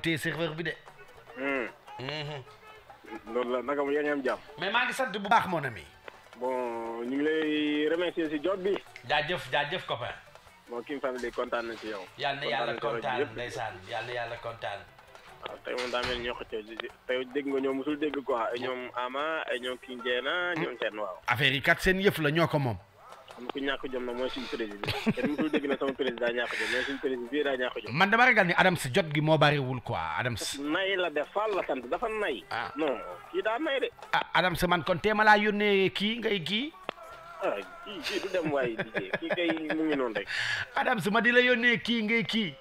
tey serveur bi de. Hmm. Hmm. loolu la naka mu yaa ngi am jàmm. mais maa ngi sant bu baax mon ami. bon ñu ngi lay remercier si job bi. jaajëf jëf copain. bon King Family kontaan na ci yow. yal na kontaan ndeysaan yal na yàlla kontaan. waaw tey moom daa mel ni ñoo ko tey dégg nga ñoom musul dégg quoi ay ñoom Ama ay ñoom King Diena ñoom seen waaw. affaire yi kat seen yëf la ñoo ko moom. xam ku ñàkk jom na mooy suñu président te mu dul dégg na sama président ñàkk jom mooy suñu président bii daa ñàkk jom man dama ragal ni Adams jot gi moo bariwul quoi Adams nay la def Fall la sant dafa nay ah non kii daa nay de ah Adams man kon téema laa yónnee kii ngay kii ah kii kii du dem waaye liggéey kii kay mu ngi noonu rek Adams ma di la yónnee kii ngay kii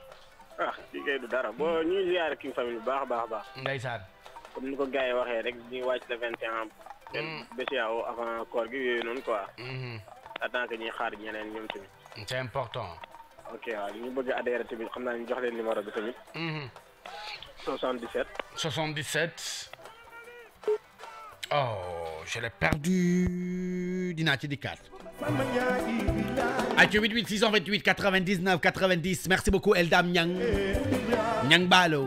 ah kii kay du dara boo ñuy ziar King Family bu baax baax baax ndeysaan comme ni ko gars yi waxee rek ñuy wàcc le vingt et un mm. bés yaaw avant koor gi yooyu noonu quoi mm-hmm. c'est important. ok waaw ñu bëgg adhéré tamit xam naa ñu jox leen numéro 77. 77. Mhm. oh je l'ai perdu dinaa ci dikkaat. 88 628 99 90 merci beaucoup Eldam Nyang. Nyang Balo.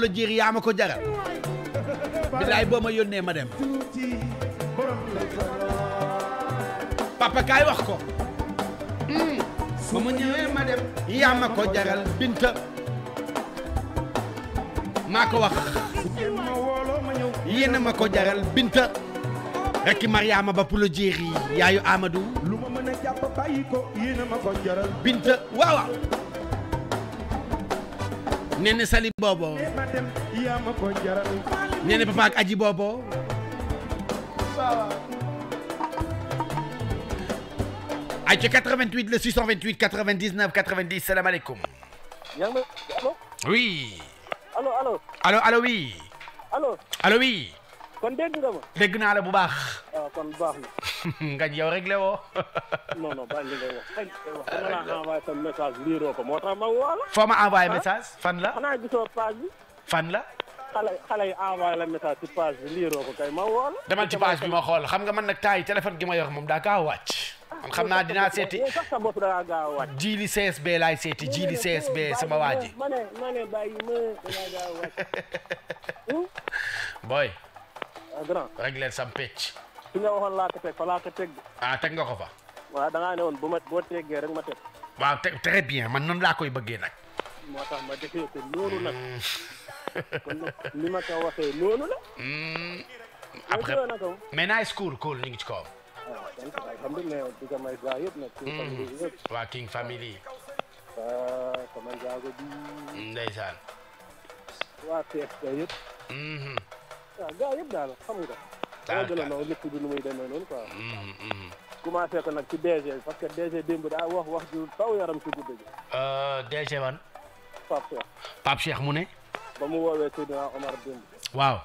la jéer yaa ma ko jaral bilaay boo ma yónnee ma dem papa kaay wax ko hmm. ba mu ñëwee ma dem yaa ma ko jaral binta maa ko wax yéen ma ko jaral binta rekk mariama ba pulo jéeri yaayu amadou luma meuna japp bayiko jàpp bàyyi ma ko jaral binta waaw waaw nee Sali Bobo papa Aji Bobo 88 le 628 99 90 salam Allo oui. allo allô allo allo oui. allo. allô oui. kon dégg nga ma. dégg naa la bu baax. waaw ah, kon baax na. rek la woo. non non bàyyi ko moo ma woo la. foo ah? message fan la. gisoo page bi. fan la. xale yi envoyé la message ci page ma woo la. demal bi ma xool xam ga man nag taay téléphone gi ma yor moom daa kaa wàcc. man xam naa dinaa seeti sa bopp daa gaa wàcc. jiili CSB laay seeti jiili CSB sama waa ji. ma ne booy. Ah, grand. rek leen sam pecc. fi nga waxoon laa ko fa laa ko teg. Ah, teg nga ko fa. waaw da ngaa ne woon bu ma boo teggee rek ma teg. waaw te bien man noonu laa koy bëggee nag. moo tax ma defee ko noonu nag. Mm. kon nag ma ko waxee noonu la. Mm. après mais nice cool cool ñu ngi ci kawam. Ah, mm. waa King Family. ndeysaan. waa CFD yëpp. Mm-hmm. waaw gars yëpp daal xam nga. daal daal dama muy demee noonu quoi. Mm, mm, mm. ko nag ci DG parce que DG démb daa wax euh, mu ne. ba mu woowee Seydina Omar démb. waaw.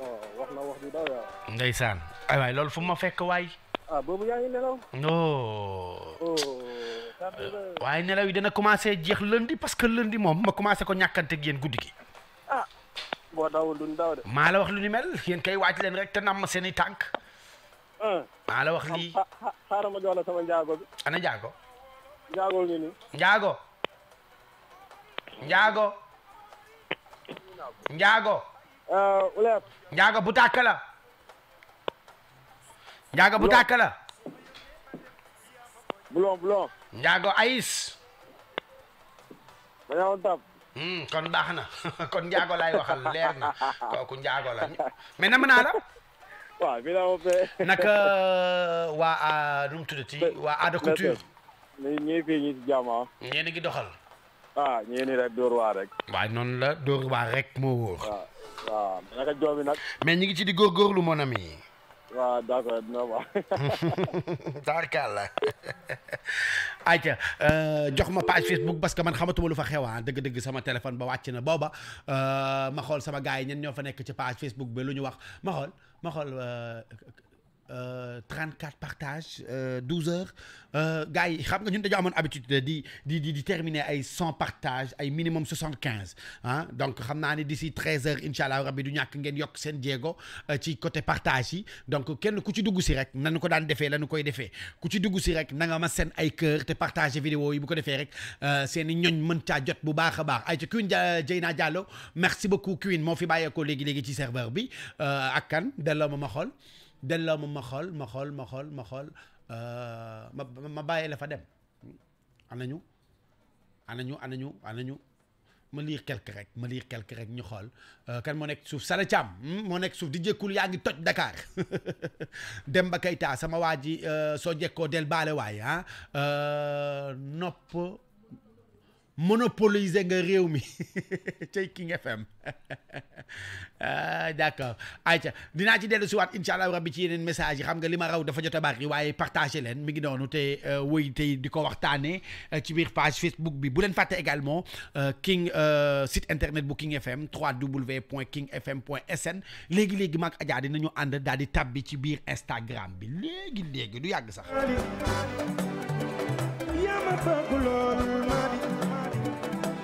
Oh, wax na wax ju daw yaram. ndeysaan. ay waay loolu fu ma fekk waay. ah boobu yaa nelaw. non. Oh, waaye nelaw yi dana commencé jeex lundi parce que lundi moom ma commencé ko ñàkkante ak yéen guddi gi. Ah. boo dawul duñ daw maa la wax lu ni mel yéen kay waaj leen rek te namm seen i tànk. maa la wax lii. xaaral ma jox sama njaago bi. ana njaago. njaago njaago. njaago. njaago. Euh, uleef. njaago bu tàkk la. njaago bu tàkk la. bulon bulon. njaago ayis. ma ñaawoon Hmm, kon baax na kon njaago laay waxal leer na kooku njaago la mais na mën naa la waaw bi naa naka euh, waa nu mu tuddati waa aada couture ñii fii ñi si jàmm ñeen ah. ngi doxal ah ñeeni rek dóor waar la dóor waar rek moo wóor waaw ah, waaw naka joomi nag mais ñi ngi ci di góorgóorlu mon ami waaw d' accord dina baax. tabarkàlla ayca jox ma page Facebook parce que man xamatuma lu fa xewaa ah, dëgg-dëgg sama téléphone ba wàcc na booba euh, ma xool sama gars yi ñen ñoo fa nekk ci page Facebook bi lu ñu wax ma xool ma xool. Euh, 34 euh, partages 12 euh, heures euh, gars yi xam nga ñun dañoo amoon habitude di di di di terminer ay 100 partages ay minimum 75 ah hein. donc xam naa ne d'ici 13 heures Inch'Allah, rabbi du ñàkk ngeen yokk seen jéego ci côté partage yi donc kenn ku ci dugg si rek nanu ko daan defee lanu koy defee ku ci dugg si rek na nga ma seen ay cœur te partager vidéo yi bu ko defee rek seen i ñoñ mën jot bu baax a baax ay ci Queen Dieyna Diallo merci beaucoup Queen moo fi bàyyeekoo léegi léegi ci serveur bi ak kan delloo ma ma delloo ma ma xool ma xool ma xool ma xool euh, ma ma bàyyi la fa dem anañu anañu anañu anañu ma lii quelque rek ma lii quelque rek ñu xool euh, kan moo nekk suuf Sara Thiam hmm, moo nekk suuf di jëkkul yaa ngi toj Dakar Demba Keita sama waa ji euh, soo jekkoo del baale waay ah nopp monopoliser nga réew mi cay King FM ah d'accord ayca dina ci dellu ci wat inshallah allah rabbi ci yeneen message yi xam nga li ma raw dafa jot a bari waaye partagé leen mi ngi noonu te euh, wëy tey di ko waxtaanee euh, ci biir page Facebook bi bu leen fàtte également euh, King site internet bu King FM www.kingfm.sn léegi léegi maag Adja dinañu ànd daal di tab bi ci biir Instagram bi léegi léegi du yàgg sax.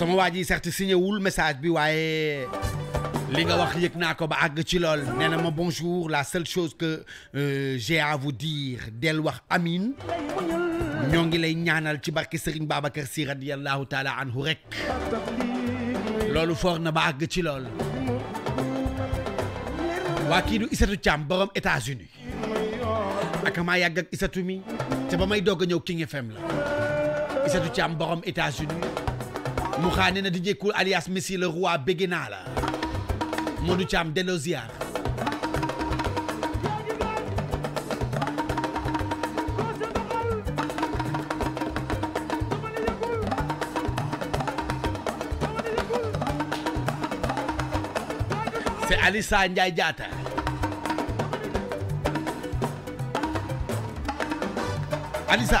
sama waji ji certes signé wul message bi waaye li nga wax yëg naa ko ba ag ci lol néna ma bonjour la seule chose que euh, j'ai à vous dire del wax amin ñoo ngi lay ñaanal ci barke Serigne Babacar Sy radiyallahu taala anhu rek lolou foor na ba ag ci lol waa kii du borom États-Unis ak ma yàgg ak isatu mi te ba may doog a King FM la isatu cham borom États-Unis mu xaa nee na di jékkul alias Messi le roi bégg naa la Modou Thiam ziar c'est Alissa Ndiaye Diatta Alissa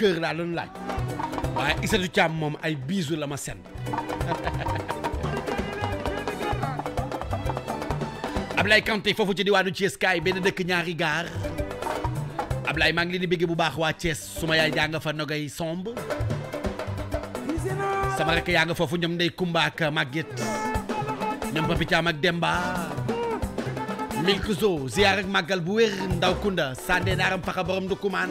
cœur laa doon laaj waaye Isatou Thiam moom ay biisu la ma sen Ablaye Kanté foofu ci diwaanu Thiès kaay benn dëkk ñaari gaar Ablaye maa ngi leen di bëgg bu baax waa Thiès suma yaay jaa nga fa nogay somb sama rek yaa nga foofu ñoom ndey Kumba ak Maguette ñoom Papi Thiam ak Demba Milkzo ziar ak màggal bu wér Ndaw Kunda Sandé Naaram Faxa borom du Kumaan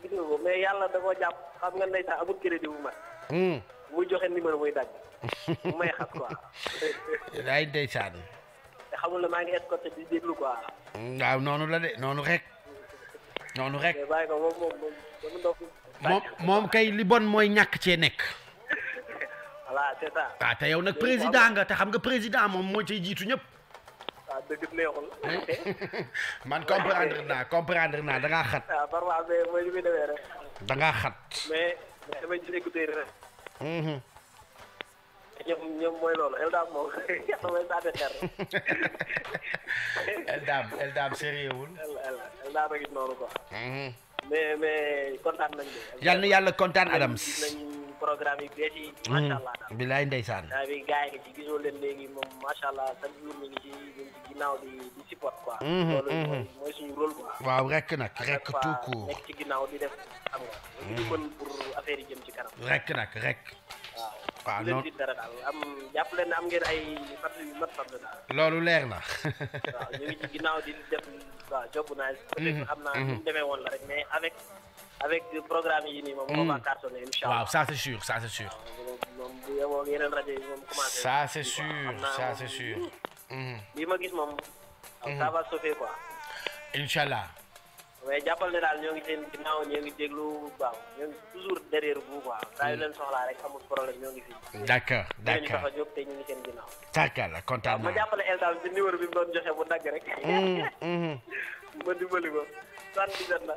gis nga ko mais yàlla da jàpp xam nga ndeysaan amul crédit bu mat. Hmm. muy joxe numéro muy dagg. mu may xas la maa ngi escorté hmm, waaw noonu la de noonu rek. noonu rek moom moom kay li bon mooy ñàkk cee nekk. voilà c'est ah, te yow nag président nga te xam nga président moom moo ciy jiitu ñëpp. dëgg neexul. man comprendre naa comprendre naa da ngaa xat. waaw ah, parfois mais mooy li muy demee xat. mais damay mm-hmm. sérieux wul. Eldam a ngi noonu quoi. Mm-hmm. mais mais kontaan yal na yàlla Adams. programme yu bees yi. Hmm. macha allah daal bilaay ndeysaan. daa bi gars yi nga ci gisoo leen léegi moom macha allah ngi ci ginnaaw di di support quoi. Hmm, hmm, loolu mooy suñu rôle quoi. waaw rek nag rek nekk ci ginnaaw di def xam nga. di am jàpp leen am ngeen ay loolu leer na. waaw ñu ngi ci ginnaaw di def waaw naa. peut-être xam naa la rek mais avec. avec programme yi nii moom. on va mm. cartonner incha allah waaw ça c'est sûr ça c'est sûr. Ah, moom bu yemoo yeneen rajo yi moom commencé. ça c'est sûr ça c'est sûr. lii ma gis moom. ça mm. va sauver quoi. incha allah. mais jàppal ne daal ñoo ngi seen ginnaaw ñoo ngi déglu bu baax ñoo ngi toujours derrière vous quoi saa mm. yu leen soxlaa rek amul problème ñoo ngi fi. d'accord d'accord ñu tax a jóg te ñu ngi seen ginnaaw. d'accord la kontaan naa ma jàppale instant bi numéro bi mu doon joxe bu dagg rek. ma dimbali ko sant bi la.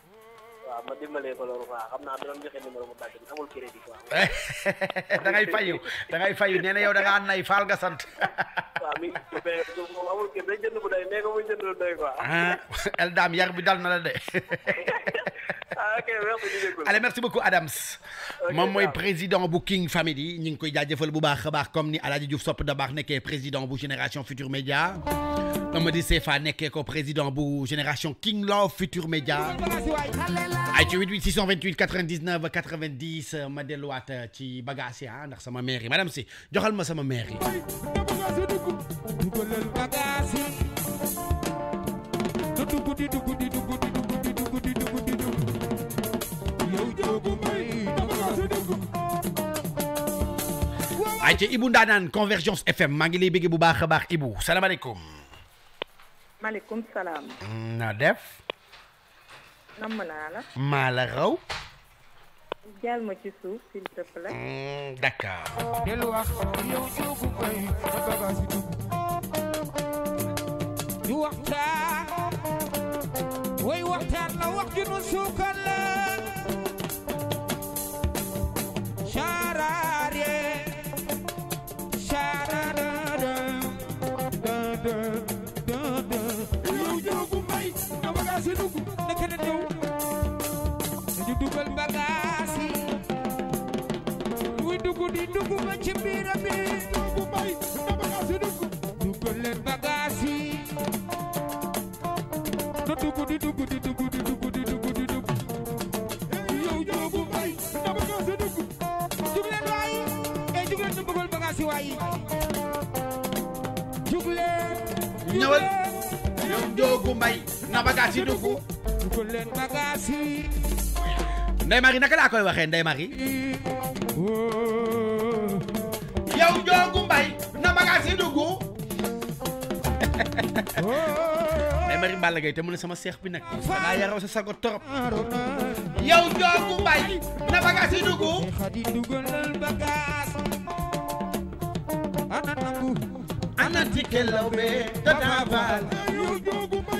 waaw ma dimbalee ko loolu quoi xam naa da doon joxe numéro bu bàjj amul crédit quoi. da ngay fayu da ngay fayu nee na yow da nga ànd nay faal nga sant. waaw mi moom amul kii day jënd bu doy nee nga muy jënd lu doy quoi. Ah, El Dame yar bi dal na la de. ah allez merci beaucoup Adams. moom mooy président bu King Family ñu ngi koy jaajëfal bu baax a baax comme ni El Diouf Sop da baax nekkee président bu Génération Futur Média. Amady Sefa nekkee ko président bu Génération King Love Future Média ay 99 90 euh, ma delluwaat euh, ci bagage hein, ndax mairie madame c'est... joxal ma sama mairie. ay Ibu Ibou Convergence FM mangi bégué lay bëgg bu baax Salam baax Ibou salam. salam mm, na def. namm naa maa la raw. jaal ma ci suuf s'il te plaît. Hmm, d'accord. dellu wax yow suufu koy sa bagage yi dugg. ñu waxtaan. way waxtaan la wax ju nu suukal la. chaaraare chaaraare. na bagaas yi dugg na keneen ñëw dañu dugal bagaas yi muy dugg di dugg ba ci biir a biir doogu bay na bagaas yi dugg dugal leen bagaas yi na dugg di dugg di dugg di dugg di dugg di dugg yow doogu bay na bagaas yi dugg jug leen waay e jug leen ñu bëggal bagaas yi waay jug leen ñëwal yow doogu mbay na bagaas yi dugg leen bagaas yi Ndeye naka laa koy waxee Ndeye Marie yow joogu mbay na bagaas yi dugg oh. Ndeye Marie Balla ne sama seex bi nag dangaa yaroo sa sago torop yow joogu mbay na bagaas yi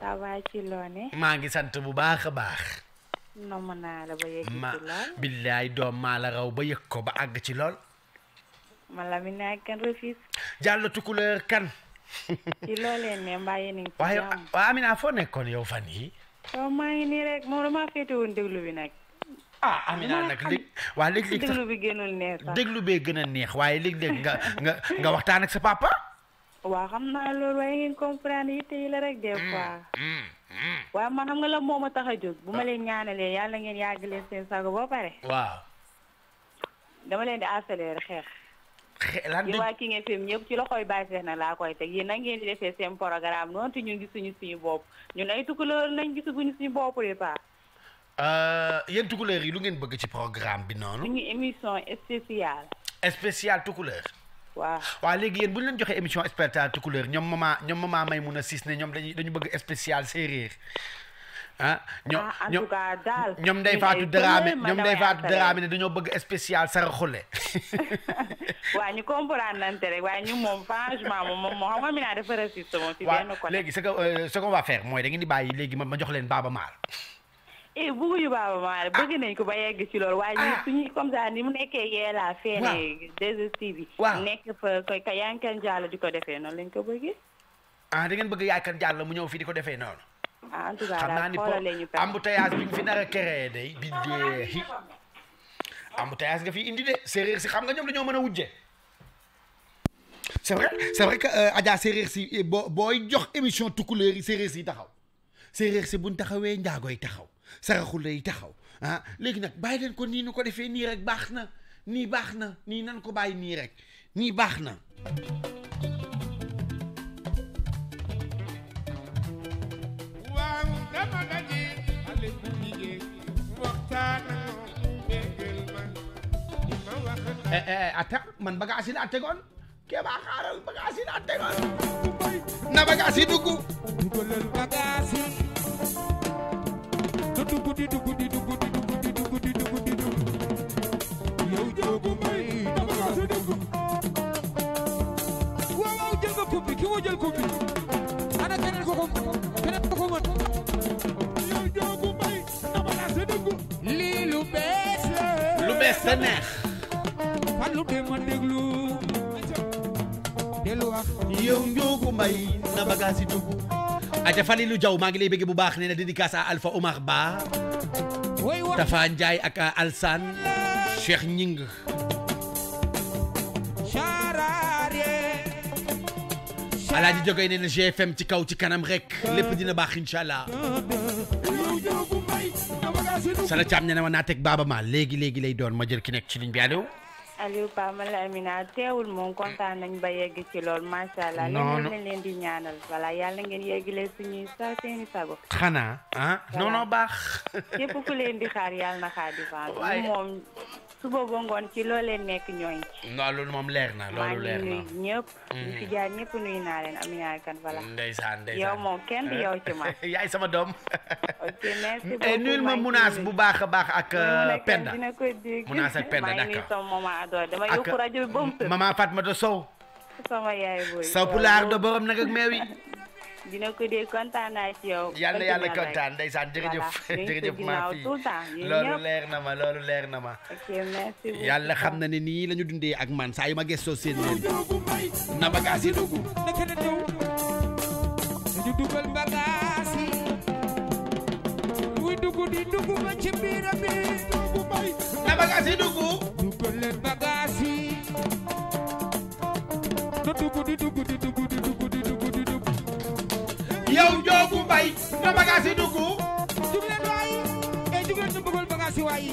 ça va ci loone. maa ngi sant bu baax a baax. nomm naa la ba yëg la raw yëg ko ba àgg ci lool. ma Lamine ak kan refis. jàll tukuleur kan. ci loolee ne mbaa yéen a ngi. waaye waaye Amina foo nekkoon yow fan yii. waaw maa ngi rek moom damaa féete woon déglu bi nag. ah Amina nag léegi waa léegi. déglu bi gënul neex sax déglu bee gën a neex waaye léeg-léeg nga nga waxtaan ak sa papa. waa xam naa loolu waaye ngeen comprendre yi yi la rek des mm, fois mm, mm. waaye man xam nga la moom a tax a jóg bu ma leen ñaanalee yàlla ngeen yàgg leen seen sago ba pare waaw dama leen di accélérer xeex yi waa ki ngeen ñëpp ci loxooy bàyyi seex na laa koy teg yéen nag ngeen di defee seen programme noonu te ñu gisuñu suñu bopp ñun ay tukkuleer nañ gisuñu suñu bopp de pas euh, yéen tukkuleer yi lu ngeen bëgg ci programme bi noonu suñu émission spéciale spéciale tukkuleer waaw waaw léegi yéen bu ñu leen joxee émission spéciale Tukulóor ñoom mama ñoom mama Maymuna Siis ne ñoom dañuy dañu bëgg spécial séeréer ah ñoom ah, en tout cas daal ñoom day faatu daraame ñoom day faatu daraame ne dañoo bëgg spécial saraxule waaw ñu comprendre nante rek waaye ñu moom franchement moom moom moo xam nga mi naa dafa raciste moom si benn côté waaw léegi ce que euh, ce qu'on va faire mooy da ngeen di léegi ma ma jox leen Baaba Maal eh bëgguñu Baaba Maal ah. bëgg nañ ko ba yegg ci loolu. waaye ñun ah. suñu comme ça ni mu nekkee yeelaa feene. waaw nekk fa koy ka yankan jàll di ko defee noonu lañ ko bëggee. ah da ngeen bëgg yankan jàll mu ñëw fii di ko defee noonu. ah en tout cas daal xoolale ñu pare xam bi ñu fi nar a créé day bi dee. nga fi indi de séeréer si xam nga ñoom dañoo mën a wujje. c' est vrai euh, eh, boo booy jox émission tukkuleer yi séeréer yi taxaw séeréer si buñ taxawee njaagoy taxaw. صرخوا لي تاخو ها لكن بايدن كون نينو كون في نيرك باخنا ني باخنا ني نانكو باي نيرك ني باخنا ايه yow Ndiogu Mbaye na bagage yi dugg aca Falilou jaw maa ngi lay bu baax nee na dédicace à Alpha Omar Ba Tafa Ndiaye ak Alsane Cheikh Ñing Alaaji jógee nee na GFM ci kaw ci kanam rek lépp dina baax incha allah Sala Thiam nee na ma naa teg Baaba Maal léegi léegi lay doon ma jël ki nekk ci ligne bi Aliou ah? Ba man la Amina teewul moom kontaan nañ ba yegg ci lool sha allah. non non leen di ñaanal wala yalla ngeen le suñu sa seeni sago. xana ah non non baax. képp ku leen di xaar yalla na xaar di baax. moom. suba ba ngoon ci loo nekk ñooñ ci. waaw loolu moom leer na loolu leer na maa ngi nuyu ñëpp. Mm. ñu fi jaar ñëpp nuyu naa leen am yaay kan voilà. ndeysaan ndeysaan yow moom kenn du yow ci ma. yaay sama doom. ok merci eh, beaucoup ma munaas bu baax a baax ak. Euh, Penda munaas ak Penda d'accord maa ngi nuyu sama maman Addo dama yokk Sow. sa pulaar do borom nag ak meew dina ko dee kontaan naa ci yow. yàlla yàlla kontaan ndeysaan jërëjëf jërëjëf maa fi loolu leer na ma loolu leer na ma. ok xam na ne nii la ak man saa yu seen na dugal di ci bi. na dugal yow Njoogu Mbay na bagage yi dugg eh, nu bëggul bagage yi waay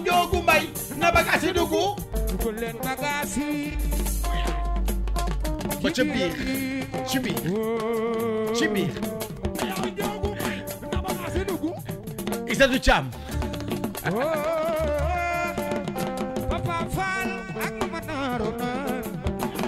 Njoogu Mbay na bagage yi dugg dugal leen bagage ba ca biir ci biir ci biir yow Njoogu Mbay na bagage yi dugg Isatou Thiam oh, oh, oh. Papa Fall ak Mama Naro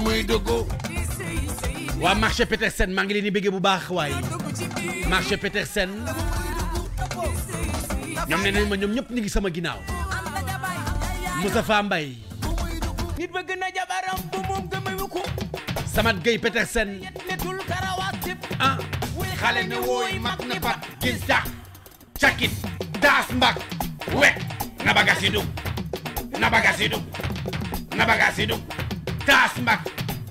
muy dugg waa marché Petersen maa ngi leen di bëggee bu baax waaye marché Petersen ñoom nee nañ ma ñoom ñëpp ñu ngi sama ginnaaw Moustapha mbay nit bëgg na jabaram bu moom gëmëwu ko Samat Gueye Petersen ah xale na wooy mat na pat gin cakit daas mbak we na bagasi dug na bagasi dug na bagasi dug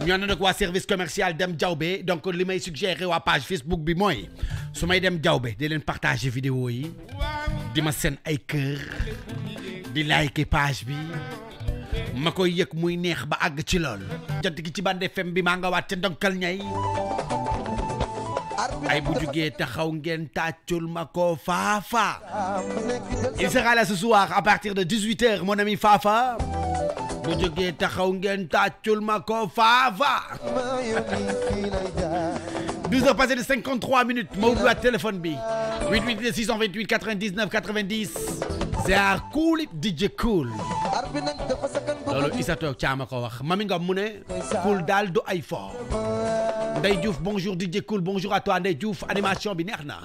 en a de quoi service commercial dem jawbe donc li suggérer suggéré waa page Facebook bi mooy su dem jawbe di partager vidéo yi di ma seen ay kër di like page bi ma koy yëg muy neex ba àgg ci lool jot gi ci Bande FM bi maa nga waat ca ndonkal ñay ay bu jugee taxaw ngeen tàccul ma ko Fafa il sera là ce soir à partir de 18h mon ami Fafa bu jógee taxaw ngeen tàccul ma ko faava 12 heures passées de 53 minutes ma ubbiwaat téléphone bi 88 628 99 90 ziar cool DJ cool loolu Isato Thiam a ko wax Mami Ngom mu ne cool daal du ay fo Ndeye Diouf bonjour DJ cool bonjour à toi Ndeye Diouf animation bi neex na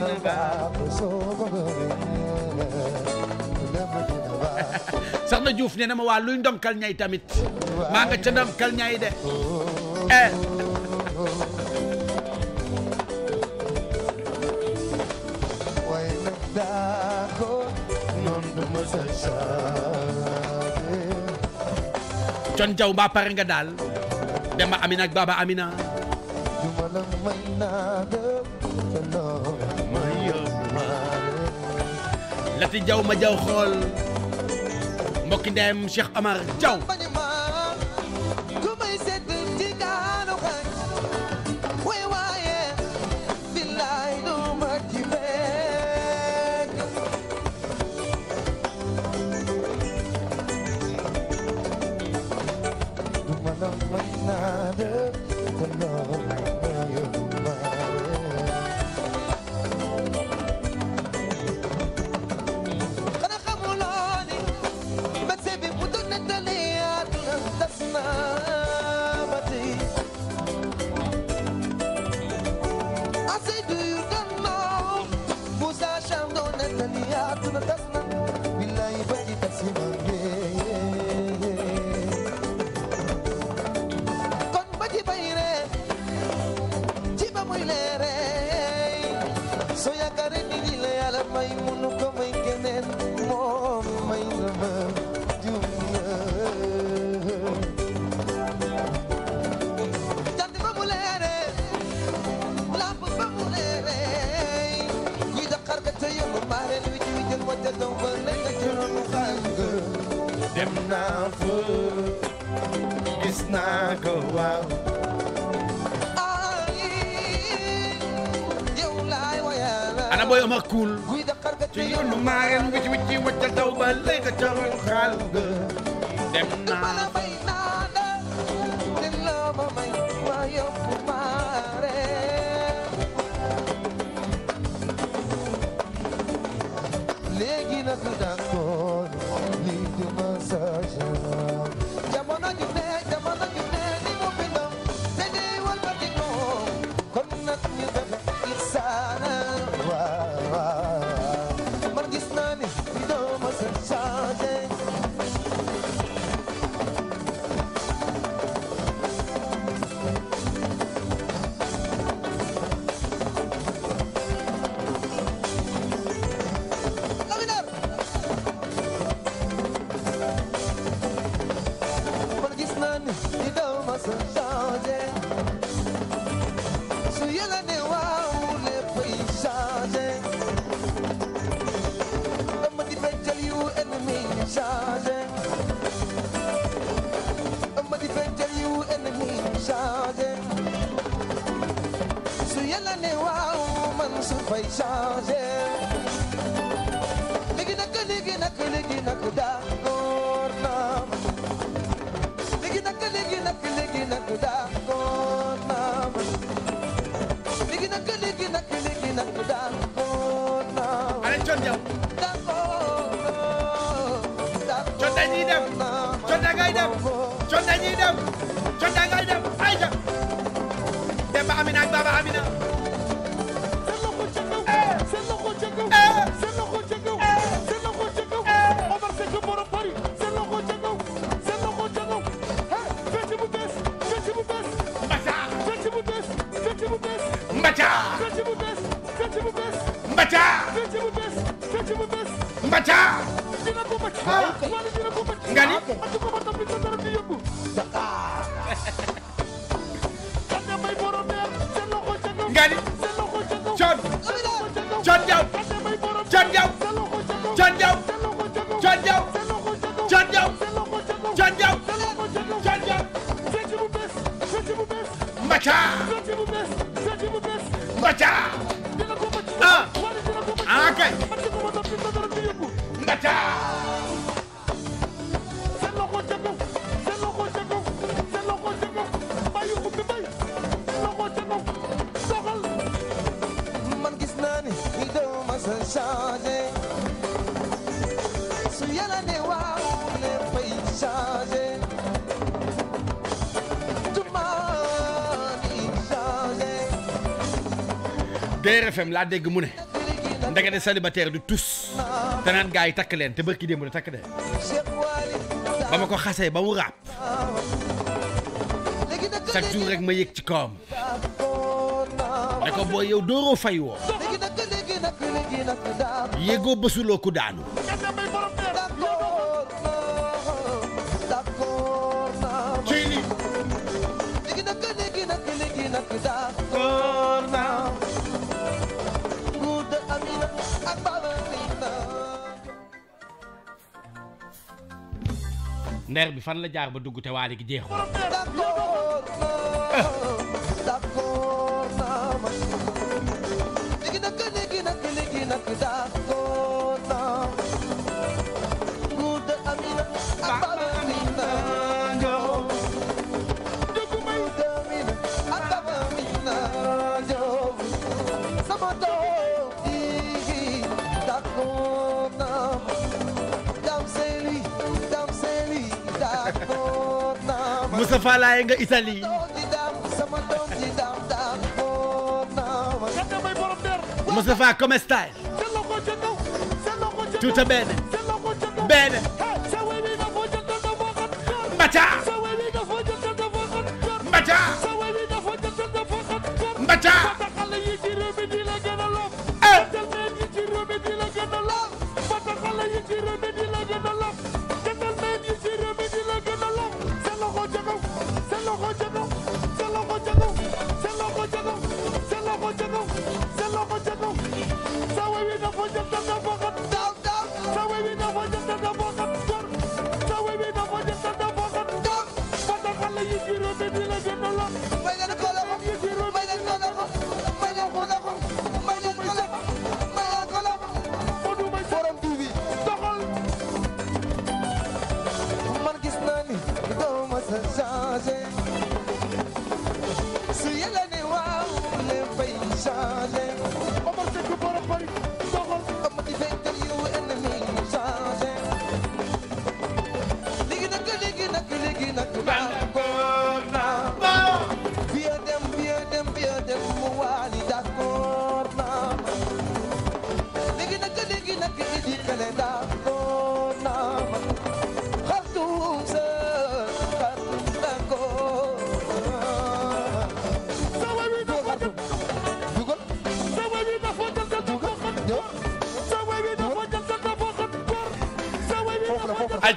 Medina Ba soxna Diouf nee na ma waa luy tamit maa nga ca ndomkal ñay de eh con jaw mbaa pare nga daal dema amina ak baba amina lati jaw ma jaw xool mbokki ndeyam Cheikh Amar Diaw dem naa fa gis naa ko waaw ana booy ama kuul ci yoonu maareen wicc wicc wacca taw ba lay ka caroon xaal ga dem naa Tchau! RFM laa dégg mu ne ndekete célibataire du tus te naan gars yi takk leen te bërki démb la takk de ba ma ko xasee ba mu raap chaque jour rek ma yëg ci kawam ne ko booy yow dooroo fay woo yégoo bësuloo ku daanu leer bi fan la jaar ba dugg te waali Moustapha Laye nga Italie Moustapha come stai? Tutto bene? Bene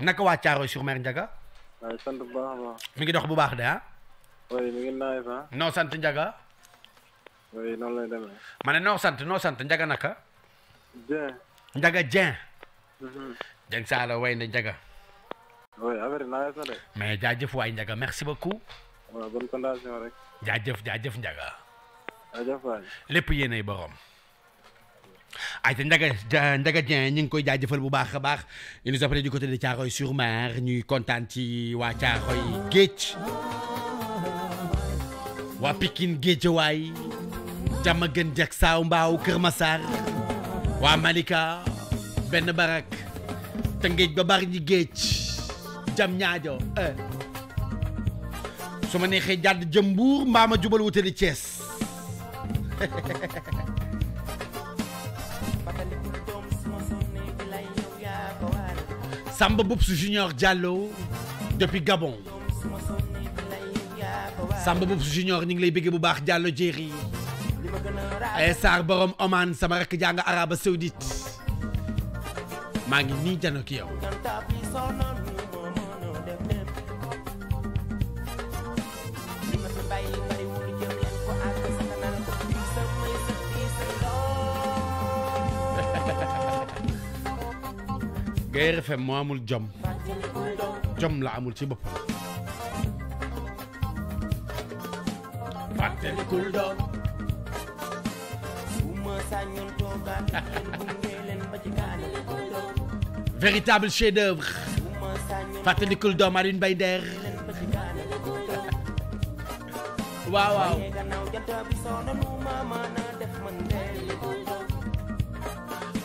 naka waa Thiaroye sur Mer Ndiaga. ay nah, sant bu baax ba mi ngi dox bu baax da ah. oui mi ngi nay fa no sant Ndiaga. oui non lay demé mané no sant no sant Ndiaga naka. Dieng. Ndiaga mhm. jeng sa la way na Ndiaga. oui affaire naay sax de. mais jaajëf way Ndiaga merci beaucoup. waaw bonne fondation rek. jaajëf jaajëf Ndiaga. jaajëf way lepp yene borom ay tan daga ndaga jeng, ñu ngi koy jaajëfal bu baax baax ñu nous appelle du côté de Thiaroye sur Mer ñuy kontaan ci waa geej Wa pikin geej way jàmm gën jek saaw mbaaw Kër Massar wa Malika ben barak te geej ba bari ñi geej jam ñaajo euh suma neexee jadd jëm Mbuur mbaa Samba Boubsou Junior Diallo depuis Gabon Samba Boubsou Junior ñu ngi lay bëggee bu baax Diallo Jerry ay eh, Sarr borom Oman sama rakk jàng Arabie Saoudite maa ngi nii jano ki yow غير في moo جم جم لا la amul ci boppam fàttalikul doom su ma véritable chef d'œuvre fàttalikul de Kuldo, Marine Baider. waaw waaw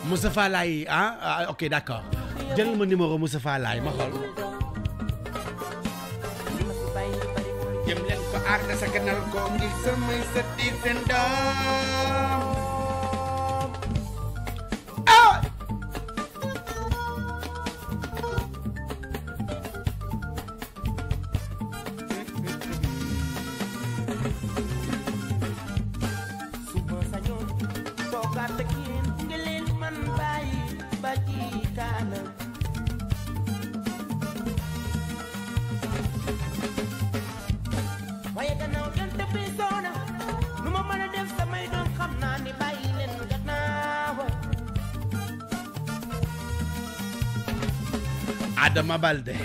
Moussa Fall ah ok d'accord jël ma numéro Moustapha Laye ma xool jëm leen ko aar na sa gënal ko ngir sët di seen Balde.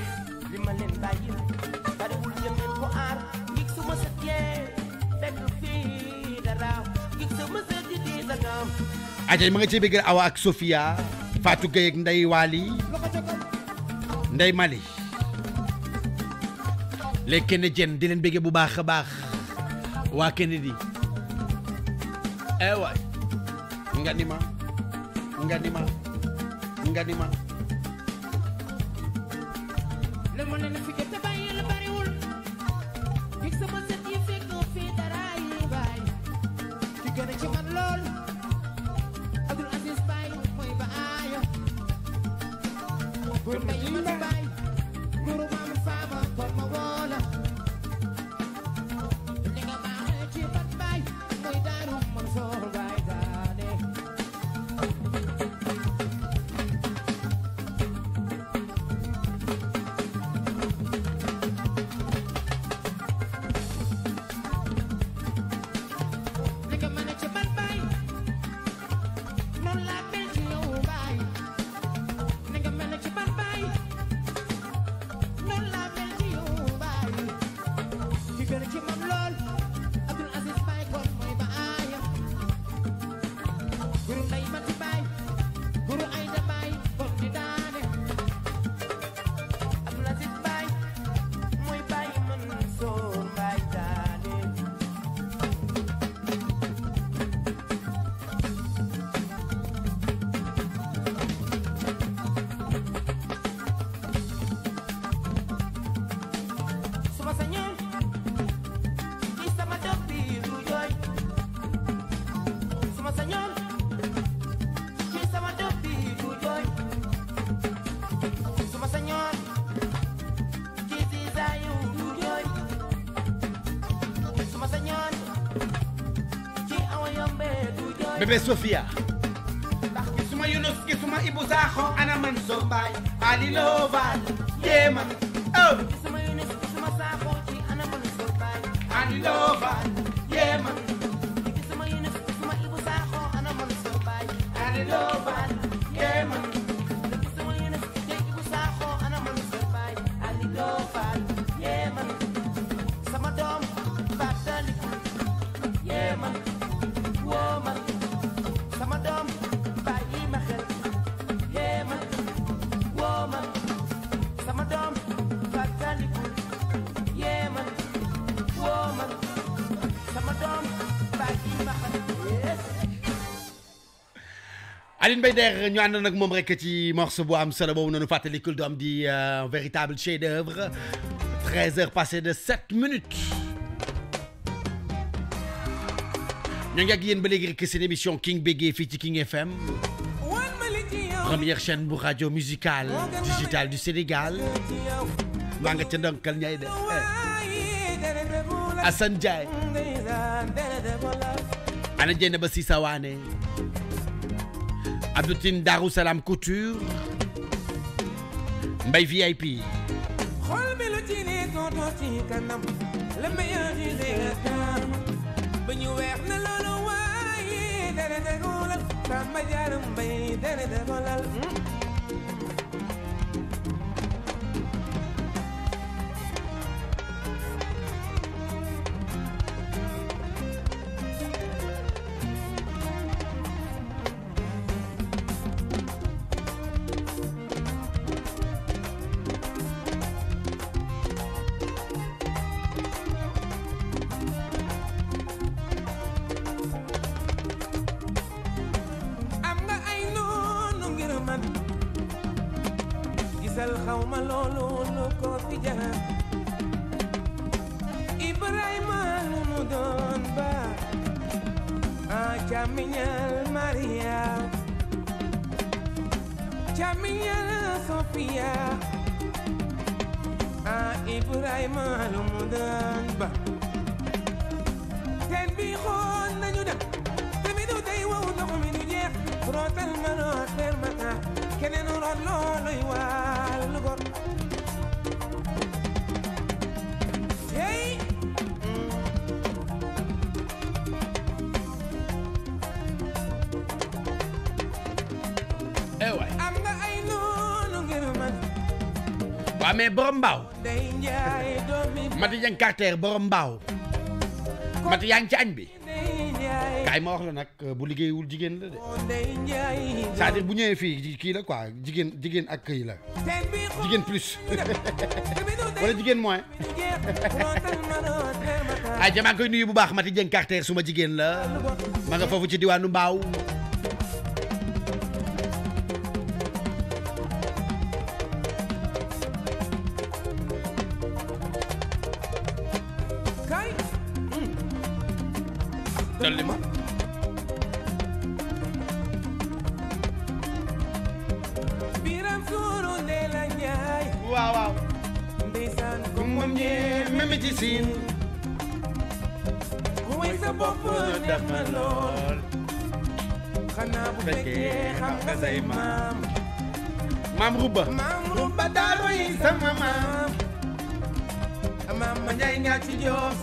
ajay ma nga ci bëgg awa ak Sofia Fatou Gueye ak Ndey Waly Ndey Mali les Canadiens di leen bëgg bu baax a baax waa Kennedy eh waay nga ni nga ni nga ni bébé Sofia ndax gisuma Yunus gisuma Ibou Sakho ana man so baay ali loo baay yee man Aline Bader, nous avons morceau de bois, euh, un véritable chef d'œuvre 13 heures passées de 7 minutes. Nous émission King Bégué King FM première chaîne bu radio musicale digitale du Sénégal Assane Ndiaye ana jenne ba Sisa Waane Abdou Tine Darou Salam Couture Mbaye VIP eh waay am na ay man bu amee mati jang quartier borom mati yaa ngi ci añ bi kaay eh. ma wax la la de la ak la plus wala jigéen moins ay jamaa koy nuyu bu baax mati suma jigéen la ma nga foofu ci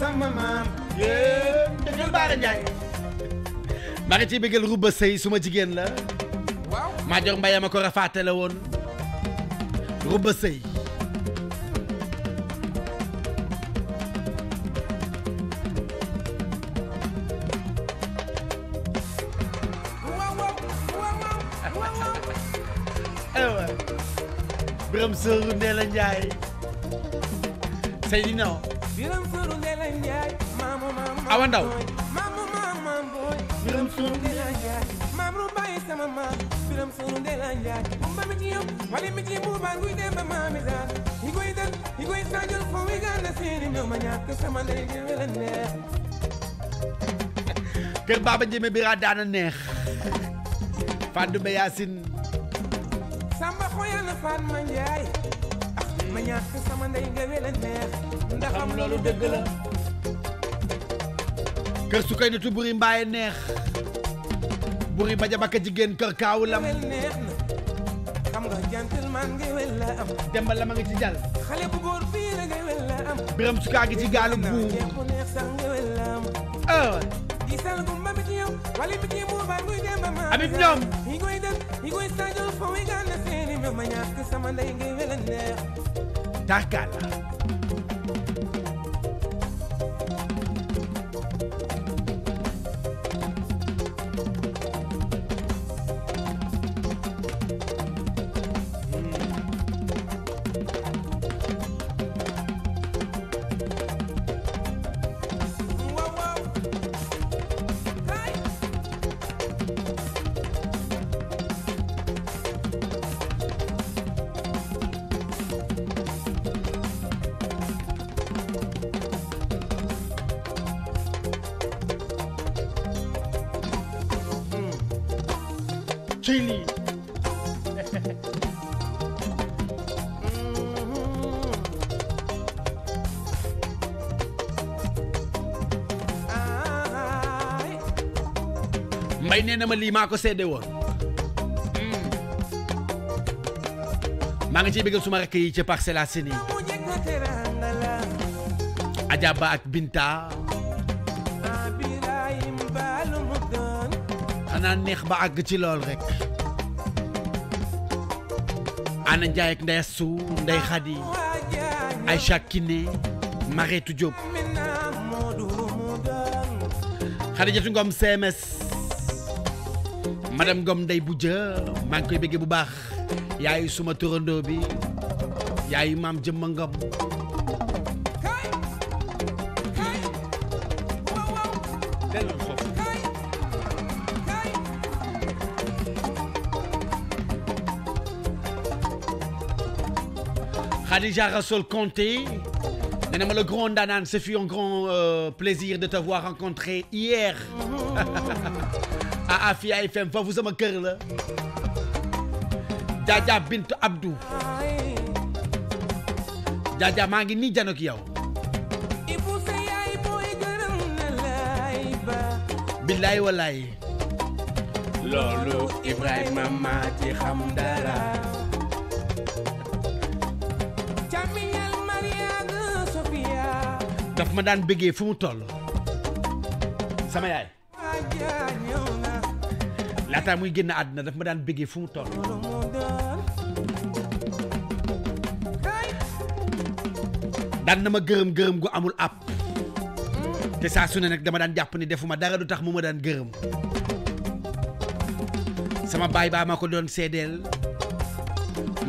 sama maam yéen dëggal Baara Ndiaye. maa ngi ciy bëggal Rouba Sey suma jigéen la. waaw Major Mbaye ma ko rafaatale woon Rouba Sey. Biram Sourou Ndéla Ndiaye. Seydina o Awa Ndaw biram sunu mamru baye sama ma biram sunu de la njaay mumba mi ci yow mi ci bu ba nguy dem ba mami da ni koy dal ni koy sajal fo wi gan na seeni no ma ñàkk sama lay di wala neex kër baba jëme bi ra daana neex Fadou Beyasine Samba xoyal na Fatma Njaay ma ñàkk sama ndey nga wele neex ndax am loolu dëgg la kër su koy nitu buri mbaaye neex buri ma jabaka jigéen kër kaawu lam neex na xam nga gentleman a wel la am demba la ma ngi ci bu góor fii la nga wel la am biram su kaa ngi ci gaalu gumba mi ci yow wala mi ci mu baay muy demba ma amit ñoom yi koy def na ma ñàkk sama ndey ngi welan neex dàggal ne ma lii maa ko seede won ma nga ci bëggal suma rek yi ci parcela Assainies Adja ak Binta xanaa neex ba ag ci lool rek Ana Ndiaye ak ndey xadi ay chakine maré tu job Diop Khadijatu Ngom CMS madame Ngom Boudja, Boudia maa ngi koy bëggee bu baax yaay suma turandoo bi yaay mam jëmma Khadija Rassol Conté le grand Danane ce fut un grand euh, plaisir de te voir rencontrer hier a Afia FM foofu sama kër la Jaja Bintu Abdou Jaja maa ngi nii janook yow billaay wallaay loolu Ibrahima maa ci xam dara daf ma daan bëggee fu mu toll sama yaay laataa muy génn àdduna daf ma daan bëggee fu mu toll. daan na ma gërëm gërëm gu amul àpp te saa su ne nag dama daan jàpp ni defuma dara du tax mu ma daan gërëm sama baay baa ma ko doon seedeel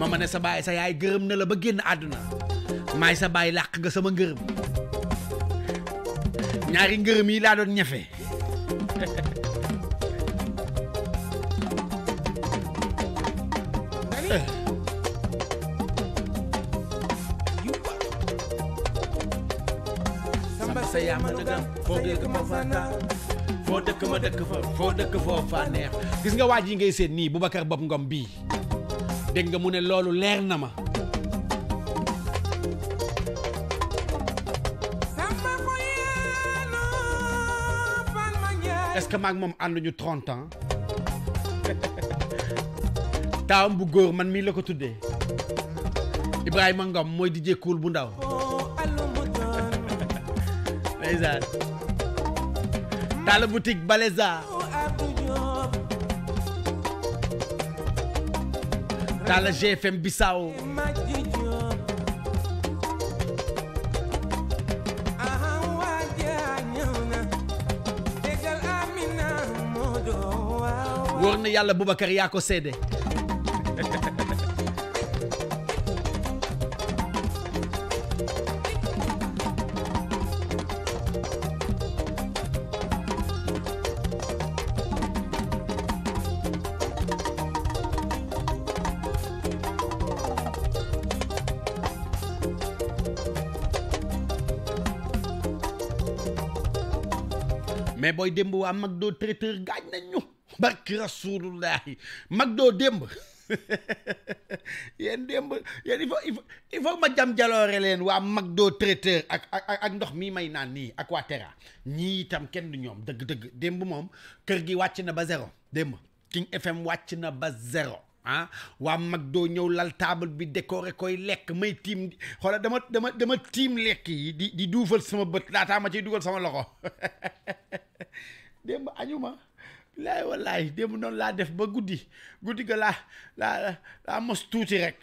ma ma ne sa baay sa yaay gërëm na la ba génn àdduna maay sa baay làq nga sama ngërëm ñaari ngërëm yi laa doon ñafe sa yaa mën a foo géeg ma fa foo dëkk ma dëkk foo dëkk gis nga waaj yi ngay séen nii Boubacar Bob Ngom bii dégg nga mu ne loolu leer na ma est-ce que maag moom ànduñu trente ans taawam bu góor man mii la ko tuddee Ibrahima Ngom mooy DJ Cool bu ndaw ndeysaan taal boutique Baleza taal GFM Bissau wóor na yàlla Boubacar yaa ko seede booy démb waa McDo traiteur gaañ nañ ñu barki rasulullahi McDo démb yéen démb yéen il faut il faut ma jam jaloore leen waa McDo traiteur ak ak ak ndox mii may naan nii ak waa Terra ñii itam kenn ñoom dëgg-dëgg démb moom kër gi wàcc na ba zéro démb King FM wàcc na ba zéro ah waa mag doo ñëw lal taabal bi décoré koy lekk may tiim xoola dama dama dama tiim lekk yi di di duufal sama bët laataa ma ciy dugal sama loxo démb añuma bilaay wallaay démb noonu laa def ba guddi guddi ga laa laa laa mos tuuti rek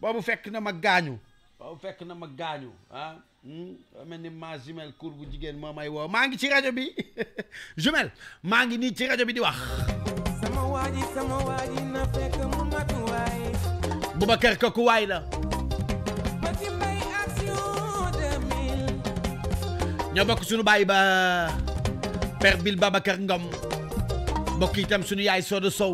boobu fekk na mag gaañu waaw fekk na ma gaañu ah, hmm, mel ni ma jumelle kur bu jigéen moo may woo maa ngi ci rajo bi maa ngi nii ci rajo bi di wax sama waaji na bokk suñu baay ba Père Bil Babacar Ngom bokk itam suñu yaay Soda Sow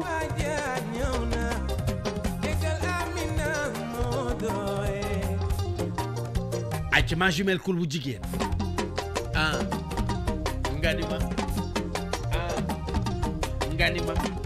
ay ci ma jumel kul bu ah. ma ah nga ma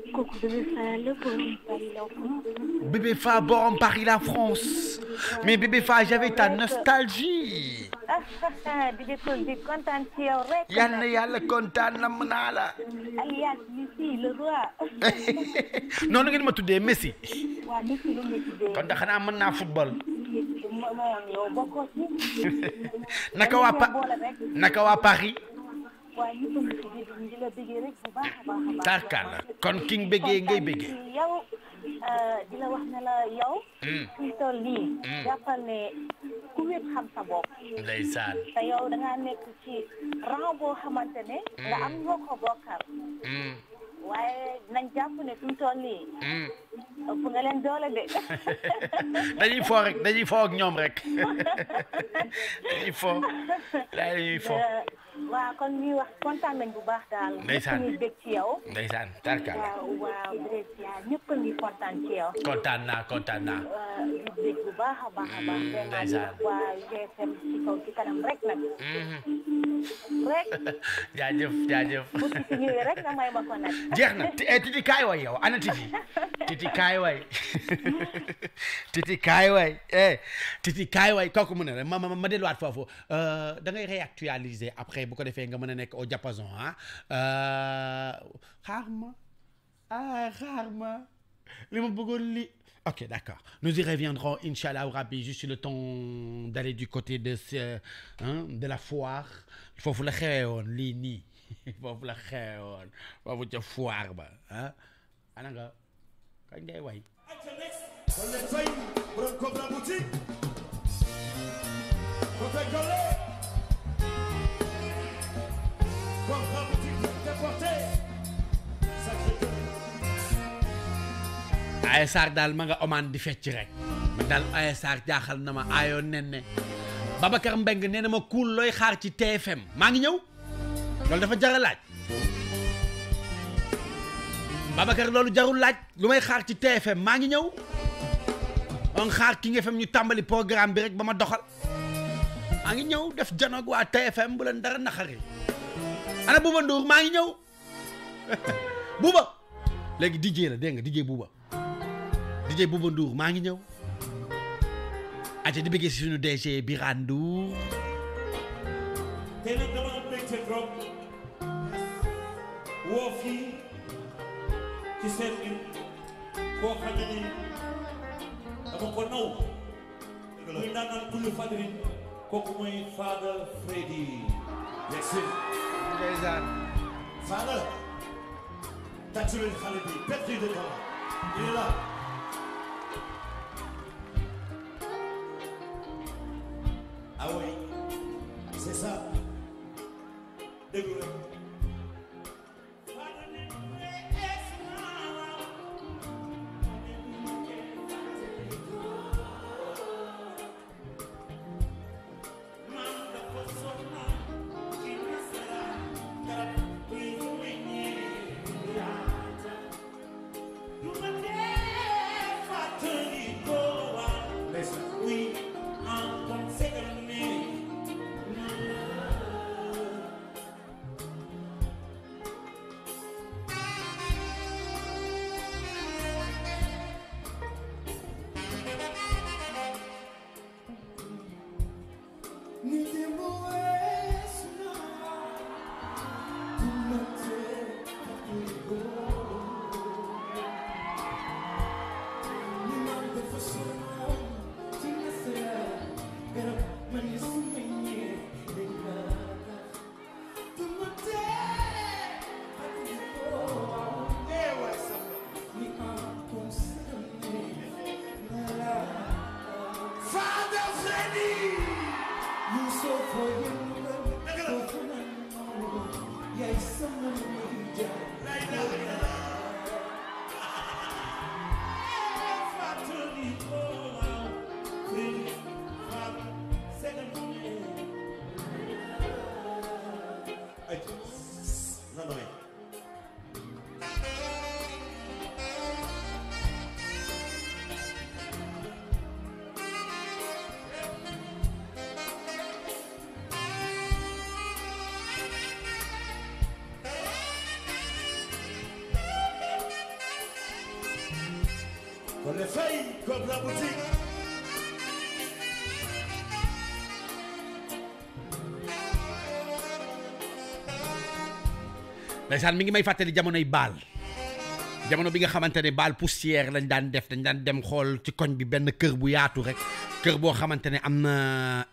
Bébé Fa, en Paris, la France. Mais Bébé Fa, j'avais ta nostalgie. Yann, je suis y Non, non, non, non, non, Messi, le roi. Non, non, non, tu non, Quand non, non, football. Nakawa Paris. waaye ñu ngi si di di la bëggee rek bu baax a baax a baax. tarkaal la kon ki nga bëggee ngay euh, di la wax ne la yow. Hmm. fi toll nii. Hmm. jàppal ne ku wéet xam sa bopp. ndeysaan. te yow da ngaa nekk ci rang boo xamante ne. Hmm. nga am ñoo ko bokkal. waaye nañ jàpp ne fi toll nii. ëpp leen doole de. dañuy foo rek dañuy foo ak ñoom rek dañuy foo dañuy foo. waaw kon ñuy wax kontaan nañ bu baax daal. ndeysaan ñëpp bég ci yow. ndeysaan kontaan naa kontaan naa. di bu baax a baax a baax. Mm, ndeysaan waa GFM ci jeex na eh, titi kaay waay yow ana titi titi kaay waay titi kaay waay eh titi kaay waay kooku mu ne la ma ma ma delluwaat foofu euh, da réactualiser après. neexee bu ko defee nga mën a nekk au diapason ah xaar euh, ma ah xaar li ma bëggoon li ok d'accord nous y reviendrons inshallah rabbi juste le temps d'aller du côté de ce hein, de la foire foofu la xewee woon lii nii foofu la xewee woon foofu ca foire ba ah ana nga kañ ngay way kon leen fay borom Cobra Boutique Aya Sarr daal ma nga omaan di fecc rek man daal Aya Sarr jaaxal na ma aayoo nen ne Mbeng nee na ma kuul looy xaar ci TFM maa ngi ñëw loolu dafa jar laaj Babacar loolu jarul laaj lu may xaar ci TFM maa ngi ñëw on xaar King FM ñu tàmbali programme bi rek ba ma doxal maa ngi ñëw def janoog waa TFM bu dara naxari ana Bouba Ndour maa ngi ñëw Bouba léegi DJ la dégg nga DJ Bouba DJ Bouba Ndour maa ngi ñëw aca di bëggee si suñu DG Birane Ndour te nag dama mbégte trop woo fii ci seen bi koo xam ni dama ko naw muy daanaan kullu fadrin kooku mooy Fada Freddy yegsi Father, God. Father, to him in Khalibi. Pepsi de Kala. Il est là. Ah for you. Yes, sir. feuille comme la boutique. Ndeysaan mi ngi may fàttali jamonoy baal jamono bi nga xamante ne baal poussière lañ daan def dañ daan dem xool ci koñ bi benn kër bu yaatu rek kër boo xamante ne am na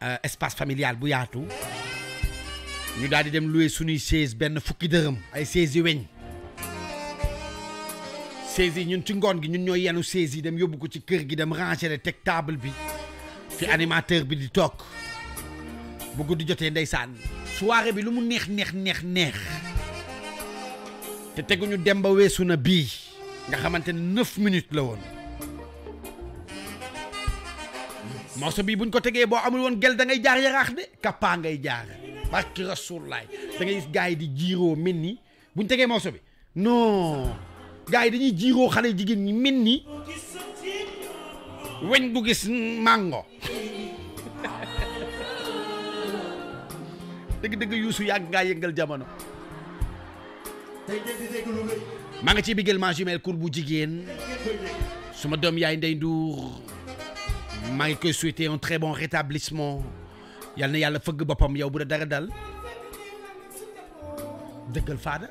euh, espace familial bu yaatu ñu daal di dem louer suñuy chaise benn fukki dërëm ay chaise yu weñ. saisi ñun ci ngoon gi ñun ñooy yenu saisi dem yóbbu ko ci kër gi dem ranger teg table bi fi animateur bi di toog bu guddi jotee ndeysaan suwaare bi lu mu neex neex neex neex te teguñu dem ba weesu na bii nga xamante ne neuf la woon morceau bi buñ ko tegee boo amul woon gel da ngay jaar yaraax de kappaa ngay jaar barki rasuulaay dangay ngay gis gars yi di jiiroo mel ni buñ tegee morso bi non gars dañuy jiiroo xale jigéen ñi mel ni weñ bu gis màngo dëgg-dëgg yuusu yàgg ngaa yëngal jamono maa nga ci bigel ma jumelle kur bu jigéen suma doom yaay nday Nduur maa ngi koy souhaiter un très bon rétablissement yal na yàlla fëgg boppam yow bu da dara dal dëggal faada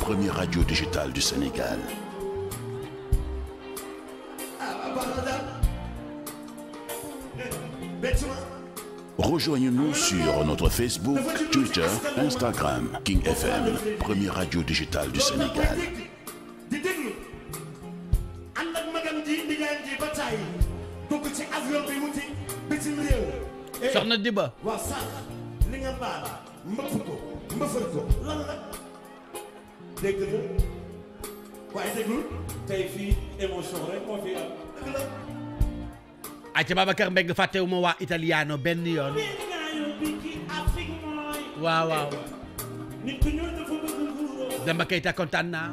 première radio digitale du Sénégal. Rejoignez-nous sur notre Facebook, Twitter, Instagram, King FM, première radio digitale du Sénégal. Faire dégg la waaye déglul tey fii émotion rek moo fi am dëgg la acca Babacar Mbengue fàttewu ma waa italiano benn yoon waaw waaw Demba Keita kontaan naa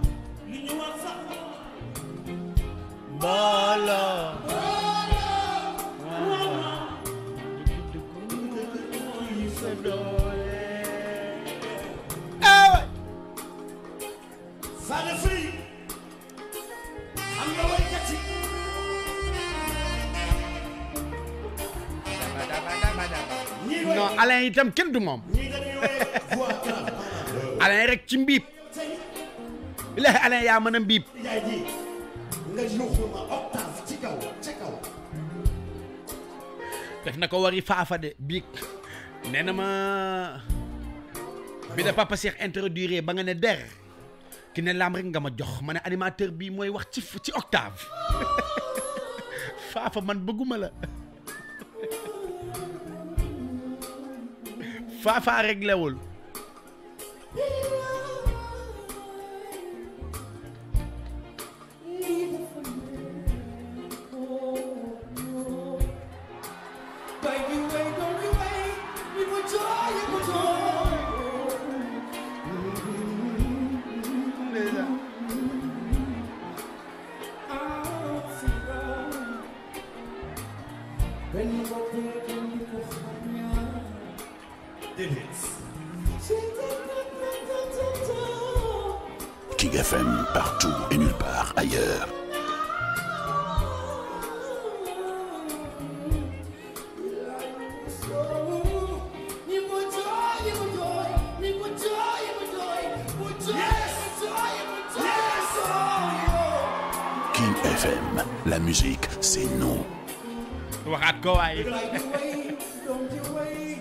mbooloo No. non Alain itam kenn du mom. Alain rek ci mbiib Alain ya mën a mbiib def na wari faafa de ma bi da papa Cheikh introduire ba nga ne der ki ne laam rek nga ma jox ma ne animateur bi mooy wax ci ci octave faafa man bëgguma la faafaa réglé wul FM partout et nulle part ailleurs. King FM, la musique, c'est nous.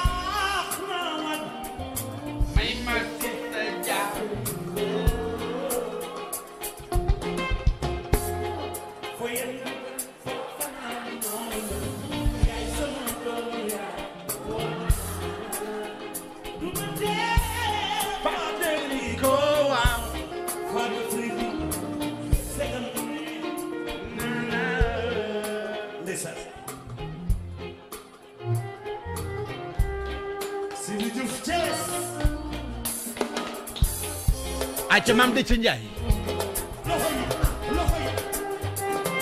acca maam dëcc njaay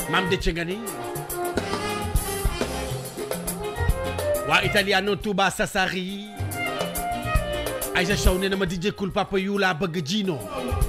maam dëcc nga waa italiano Touba Sassari Aïcha Sow nee na ma di jëkkul papa laa bëgg jiinoo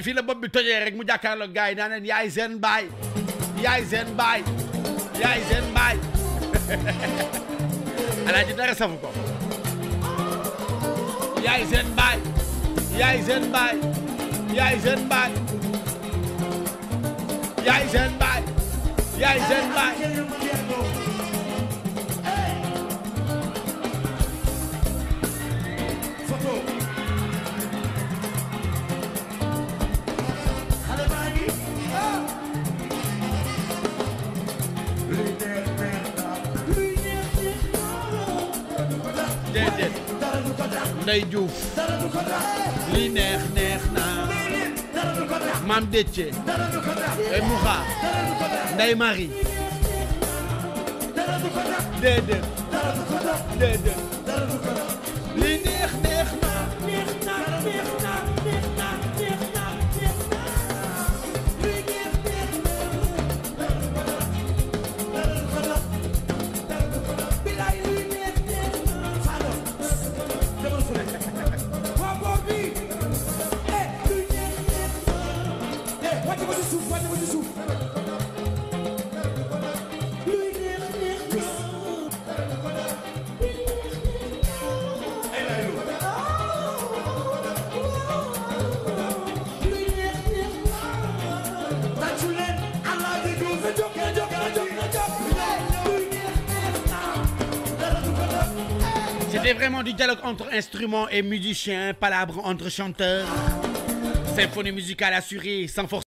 ji fii la bopp bi tojee rek mu jàkkaarloog gars yi naa leen yaay seen baay yaay seen baay yaay seen baay alaaji dara safu ko yaay seen baay yaay seen baay yaay seen baay yaay seen baay yaay seen baay Ndey Diouf li neex neex naa Maam Déthié et Mouha Ndey Marie déedéet déedéet C'est vraiment du dialogue entre instruments et musiciens, palabres entre chanteurs. Symphonie musicale assurée, sans force.